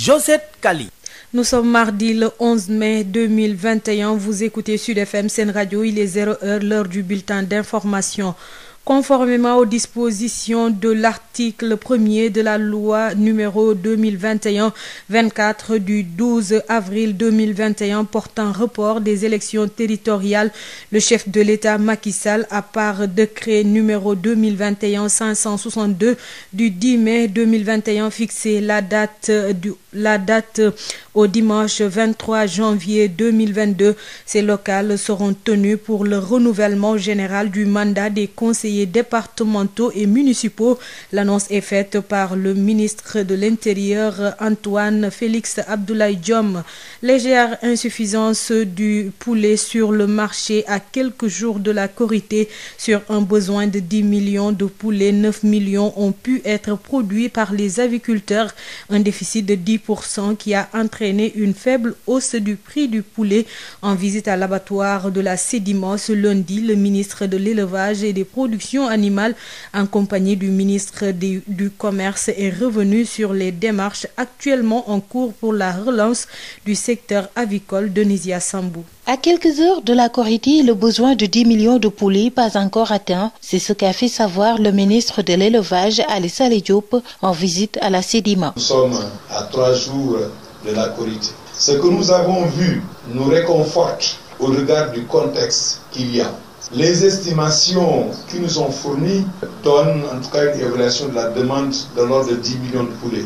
Josette Kali. Nous sommes mardi le 11 mai 2021. Vous écoutez Sud FM Sen Radio. Il est 0 heure, l'heure du bulletin d'information. Conformément aux dispositions de l'article 1er de la loi numéro 2021-24 du 12 avril 2021 portant report des élections territoriales, le chef de l'État Macky Sall, à part décret numéro 2021-562 du 10 mai 2021 fixé la date du la date euh, au dimanche 23 janvier 2022. Ces locales seront tenues pour le renouvellement général du mandat des conseillers départementaux et municipaux. L'annonce est faite par le ministre de l'Intérieur Antoine Félix Abdoulaye Diom. Légère insuffisance du poulet sur le marché à quelques jours de la Korité sur un besoin de 10 millions de poulets, 9 millions ont pu être produits par les aviculteurs, un déficit de 10% qui a entraîné une faible hausse du prix du poulet. En visite à l'abattoir de la Sédimos lundi, le ministre de l'élevage et des productions animales, en compagnie du ministre des, du Commerce, est revenu sur les démarches actuellement en cours pour la relance du secteur avicole de Nizia Sambou. À quelques heures de la Korité, le besoin de 10 millions de poulets pas encore atteint, c'est ce qu'a fait savoir le ministre de l'Élevage, Alessane Diop, en visite à la Sédima. Nous sommes à trois jours de la Korité. Ce que nous avons vu nous réconforte au regard du contexte qu'il y a. Les estimations qui nous sont fournies donnent en tout cas une évaluation de la millions de poulets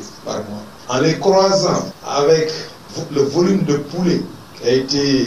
En les croisant avec le volume de poulets a été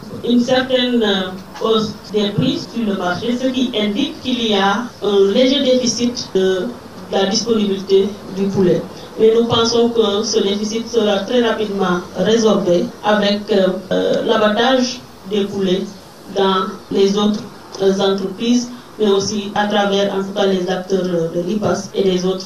une certaine euh, hausse des prix sur le marché, ce qui indique qu'il y a un léger déficit de la disponibilité du poulet. Mais nous pensons que ce déficit sera très rapidement résorbé avec euh, euh, l'abattage des poulets dans les autres entreprises, mais aussi à travers en tout cas les acteurs et les autres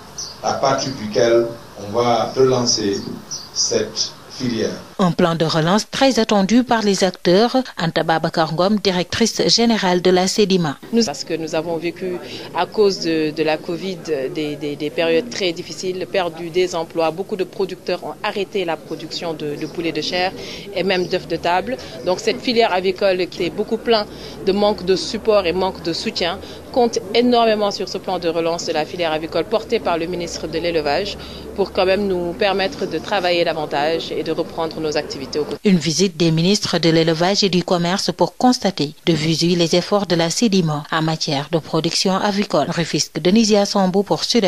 à partir duquel on va relancer cette filière. Un plan de relance très attendu par les acteurs. Anta Babacar directrice générale de la CEDIMA. Parce que nous avons vécu à cause de, la Covid des, périodes très difficiles, perdu des emplois. Beaucoup de producteurs ont arrêté la production de, de de chair et même d'œufs de table. cette filière avicole qui par le ministre de l'Élevage pour nous permettre de travailler davantage et de reprendre nos activités au quotidien. Une visite des ministres de l'élevage et du commerce pour constater de visu les efforts de la CEDIMA en matière de production avicole. Rufisque Denisia Sambou pour Sud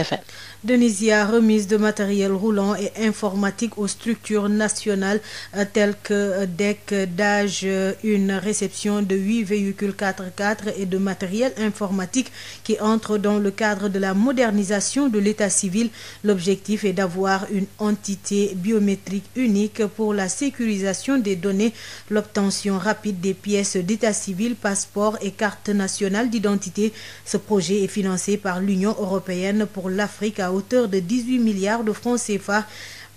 remise de matériel roulant et informatique aux structures nationales euh, telles que euh, DEC, DAGE, euh, une réception de véhicules et de matériel informatique qui entre dans le cadre de la modernisation de l'état civil. L'objectif est d'avoir une entité biométrique unique pour la sécurisation des données, l'obtention rapide des pièces d'état civil, passeport et carte nationale d'identité. Ce projet est financé par l'Union européenne pour l'Afrique à hauteur de 18 milliards de francs CFA.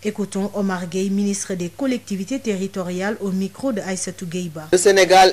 Écoutons Omar Gueye, ministre des collectivités territoriales, au micro de Aïssatou Gueye Ba. Le Sénégal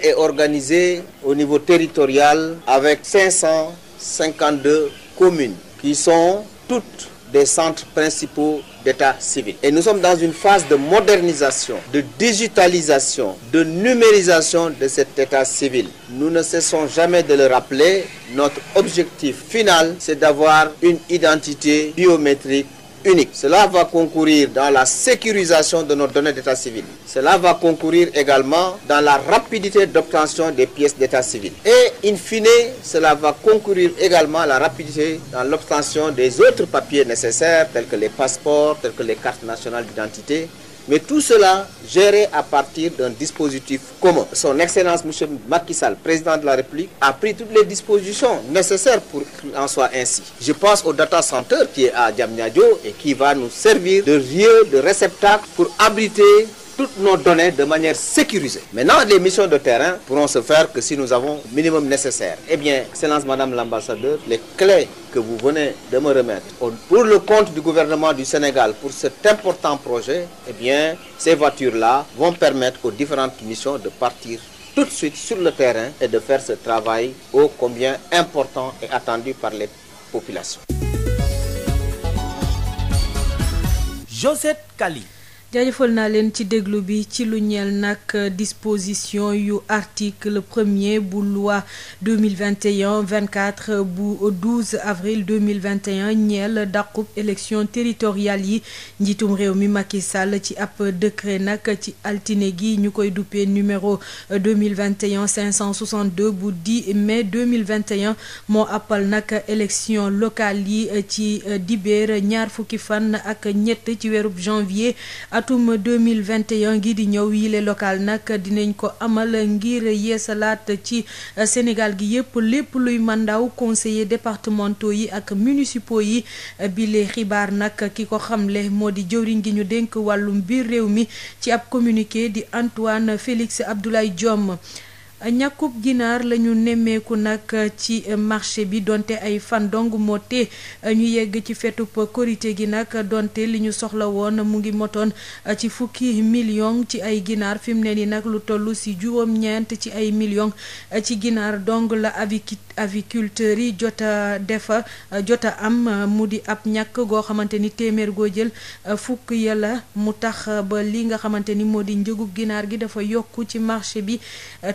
au niveau territorial avec 552 communes qui sont toutes des centres principaux d'état civil. Et nous sommes dans une phase de modernisation, de digitalisation, de numérisation de cet état civil. Nous ne cessons jamais de le rappeler, notre objectif final, c'est d'avoir une identité biométrique unique. Cela va concourir dans la sécurisation de nos données d'état civil. Cela va concourir également dans la rapidité d'obtention des pièces d'état civil. Et in fine, cela va concourir également à la rapidité dans l'obtention des autres papiers nécessaires tels que les passeports, tels que les cartes nationales d'identité Mais tout cela géré à partir d'un dispositif commun. Son Excellence Monsieur Macky Sall, président de la République, a pris toutes les dispositions nécessaires pour qu'il en soit ainsi. Je pense au data center qui est à Diamniadio et qui va nous servir de de réceptacle pour abriter toutes nos données de manière sécurisée. Maintenant, les missions de terrain pourront se faire que si nous avons le minimum nécessaire. Eh bien, Excellence Madame l'ambassadeur, les clés que vous venez de me remettre pour le compte du gouvernement du Sénégal pour cet important projet, eh bien, ces voitures-là vont permettre aux différentes missions de partir tout de suite sur le terrain et de faire ce travail ô combien important et attendu par les populations. Josette Kali jaajëfal naa leen ci déglu bi ci lu ñeel nag disposition yu article premier bu loi 2021 24 bu 12 avril 2021 ñeel daqu élection territoriale yi njiitum réew mi Macky Sall ci ab décret nag ci altine gi ñu koy duppee numéro 2021 562 bu 10 mai 2021 moo appal nag élection locale yi ci dibéer ñaar fukki fan ak ñett ci weerub janvier atum 2021 gi di ñëw yile local nag dinañ ko amal ngir yeesalaat ci euh, Sénégal gi yëpp lépp luy mandaw conseiller départementaux yi ak municipaux yi euh, bile xibaar nag ki ko xamle moo di jëwriñ gi ñu dénk wàllum biir réew mi ci ab communiqué di Antoine Félix Abdoulaye Diome ñàkkub ginaar la ñu nemmeeku nag ci marché bi donte ay fan dong moo ñu yegg ci fetub korité gi nag donte li ñu soxla woon mu ngi motoon ci fukki million ci ay ginaar fi mu ne nii nag lu toll si juróom-ñeent ci ay million ci ginaar dong la aviki aviculteurs yi jot a defa jot a am mu di ab ñàkk goo xamante ni téeméer goo jël fukk yàlla mu tax ba li nga xamante ni moo di njëgub ginaar gi dafa yokk ci marché bi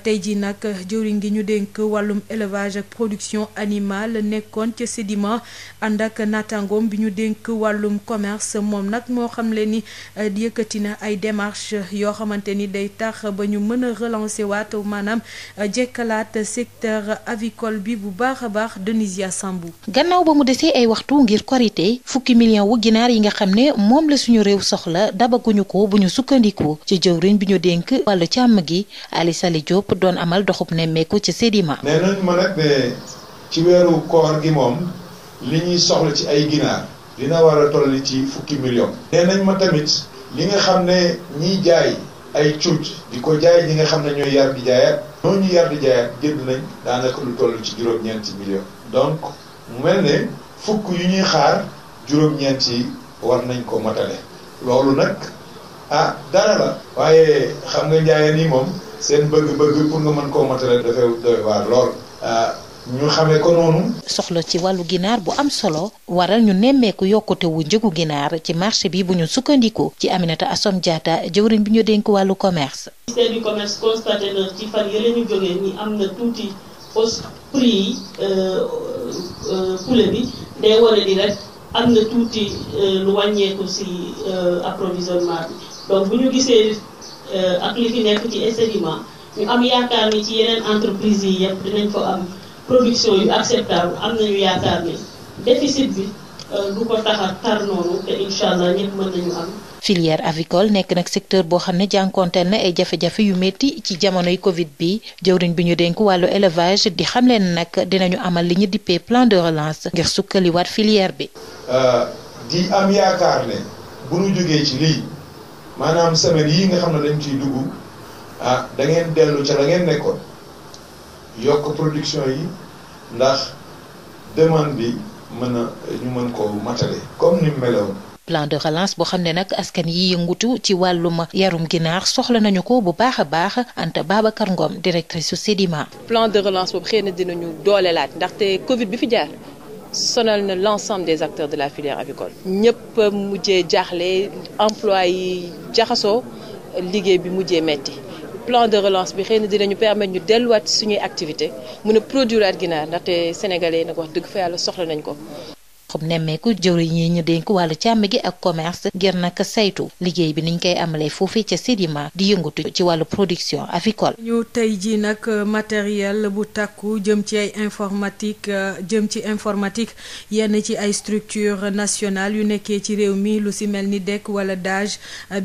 tey jii nag jëwriñ gi ñu dénk wàllum élevage ak production animale nekkoon ca Sédima ànd ak naataangoom bi ñu dénk wàllum commerce moom nag moo xam le ni eh, yëkkati na ay démarches yoo xamante ni day tax ba ñu mën a relancer waat maanaam eh, jekkalaat secteur avicole bi bu baax a baax Denisia Sambou. gannaaw ba mu desee ay waxtu ngir korité fukki million wu ginaar yi nga xam ne moom la suñu réew soxla dabaguñu ko bu ñu sukkandiku ci jëwriñ bi ñu dénk wàllu càmm gi amal doxub nemmeeku ci Sédima. nee nañ ma nag ne ci weeru koor gi moom li ñuy soxla ci ay ginaar dina war a toll ci fukki million. nee nañ ma tamit li nga xam ne ñiy jaay ay cuuj di ko jaay ñi nga xam ne ñooy yar di jaayaat ñooñu yar di jaayaat jënd nañ daanaka lu toll ci juróom-ñeenti million. donc mu mel ne fukk yu ñuy xaar juróom-ñeenti war nañ ko matale. loolu nag ah dara la. waaye xam nga njaayeen yi moom. seen bëgg-bëgg pour nga mën koo matale dafay doy waar lool. Euh, ñu xamee ko noonu. soxla ci wàllu ginaar bu am solo waral ñu nemmeeku yokkute wu njëgu ginaar ci marché bi bu ñu sukkandiku ci Aminata Assome Diatta jëwriñ bi ñu dénk wàllu commerce. ministère na ci fan yële ñu jógee am na tuuti hausse prix yi euh, euh, poulet bi day wane di rek am na tuuti lu wàññeeku si approvisionnement bi donc bu ñu gisee. Euh, ak li fi nekk ci SDMA ñu am yaakaar ni ci yeneen entreprise yi yëpp dinañ ko am production yu acceptable am nañu yaakaar ni déficit bi euh, du ko tax tar noonu te incha allah mën nañu am. filière avicole nekk nag secteur boo xam ne jànkonteel na ay jafe-jafe yu métti ci jamonoy Covid bi jëwriñ bi ñu dénk wàllu élevage di xam leen nag dinañu amal li ñu dippee plan de relance ngir sukkaliwaat filière bi. Euh, di am yaakaar ne bu ñu jógee ci lii. maanaam semaine yi nga xam ne dañ ciy dugg ah da dellu ca la nekkoon yokk production yi ndax demande bi mën a ñu mën koo matale comme ni meloon. plan de relance boo xam ne nag askan yi yëngutu ci wàllum yarum ginaar soxla nañu ko bu baax a baax Anta Babacar Ngom directrice su Sedima. plan de relance boobu xëy na dinañu doolelaat ndaxte Covid bi fi jaar. sonal na l'ensemble des acteurs de la filière avicole ñëpp mujjee jaaxle emploi yi jaxasoo liggéey bi mujjee metti plan de relance bi xëy na dinañu permettre ñu delluwaat suñuy activité mun a produire at ginaar ndaxte sénégalais yi nag wax dëgg fa yàlla soxla nañ ko xub nemmeeku jëwriñ yi ñu dénk wàllu càmm gi ak commerce ngir nag saytu liggéey bi niñ koy amalee foofee ca Sédima di yëngatu ci wàllu production avicole. ñu tey ji nag matériel bu takku jëm ci ay informatique jëm ci informatique yenn ci ay structure nationale yu nekkee ci réew mi lu si mel ni DEC wala DAGE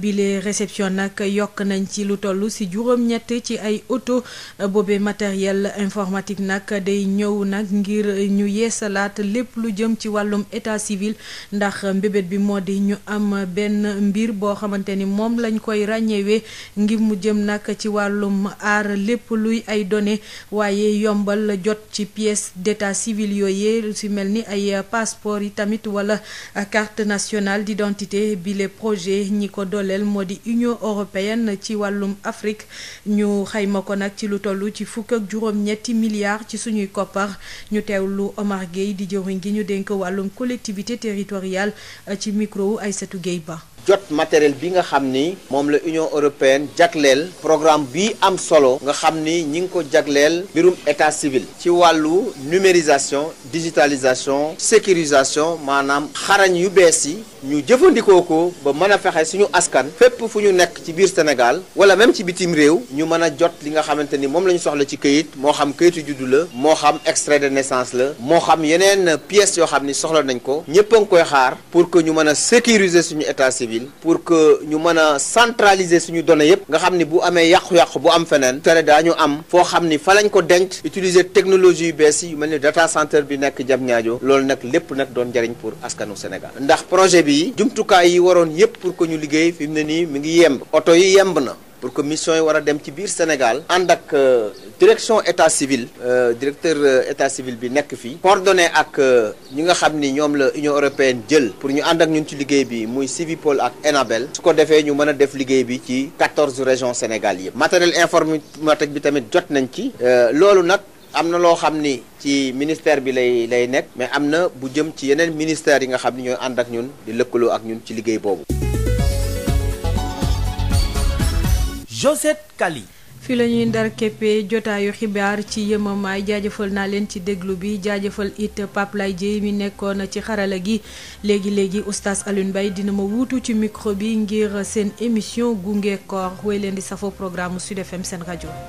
bile les réception nag yokk nañ ci lu toll si juróom-ñett ci ay auto boobee matériel informatique nag day ñëw nag ngir ñu yeesalaat lépp lu jëm ci wàllu wàllum état civil ndax mbébét bi moo di ñu am benn mbir boo xamante ni moom lañ koy ràññeewee ngir mu jëm nag ci wàllum aar lépp luy ay données waaye yombal jot ci pièce d'état civil yooyee lu si mel ni ay passeport yi tamit wala carte nationale d'identité bi projet ñi ko dooleel moo di Union européenne ci wàllum Afrique ñu xayma ko nag ci lu toll ci fukk ak juróom-ñetti milliards ci suñuy koppar ñu teewlu Omar Gueye di jëwriñ gi ñu dénk wàllu wàllum collectivité territoriale euh, ci micro Aïssatou Gueye Ba. jot matériel bi nga xam ni moom la Union européenne jagleel programme bi am solo nga xam ni ñi ngi ko jagleel mbirum état civil ci wàllu numérisation digitalisation sécurisation maanaam xarañ yu bees yi ñu jëfandikoo ko ba mën a fexe suñu askan fépp fu ñu nekk ci biir Sénégal wala même ci bitim réew ñu mën a jot li nga xamante ni moom la ñu soxla ci këyit moo xam këyitu juddu la moo xam extrait de naissance la moo xam yeneen pièces yoo xam ni soxla nañ ko ñëpp a ngi koy xaar pour que ñu mën a sécuriser suñu état civil pour que ñu mën a centraliser suñu données yëpp nga xam ni bu amee yàqu-yàqu bu am feneen tere daañu am foo xam ni fa lañ ko denc utiliser technologie yu bees yi yu mel ni data center bi nekk Diamniadio loolu nag lépp nag doon njëriñ pour askanu Sénégal yi jumtukaay yi waroon yépp pour que ñu liggéey fi mu ne nii mi ngi yemb oto yi yemb na pour que mission yi war a dem ci biir Sénégal ànd ak euh, direction état civil euh, directeur euh, état civil bi nekk fii coordonné ak ñi nga xam ni ñoom la Union européenne jël pour ñu ànd ak ñun ci liggéey bi muy Civipol ak Enabel su ko defee ñu mën a def liggéey bi ci quatorze région Sénégal yëpp matériel informatique bi tamit jot nañ ci loolu nag am na loo xam ni ci ministère bi lay lay nekk mais am na bu jëm ci yeneen ministères yi nga xam ni ñooy ànd ak ñun di lëkkaloo ak ñun ci liggéey boobu. Josette Kali. fii la ñuy ndar képpee jotaayu xibaar ci yëmamaay jaajëfal naa leen ci déglu bi jaajëfal it Pape Lay mi nekkoon ci xarala gi léegi léegi oustaz Alioune Mbaye dina ma wuutu ci micro bi ngir seen émission gunge koor wéy leen di safoo programme Sud FM seen rajo.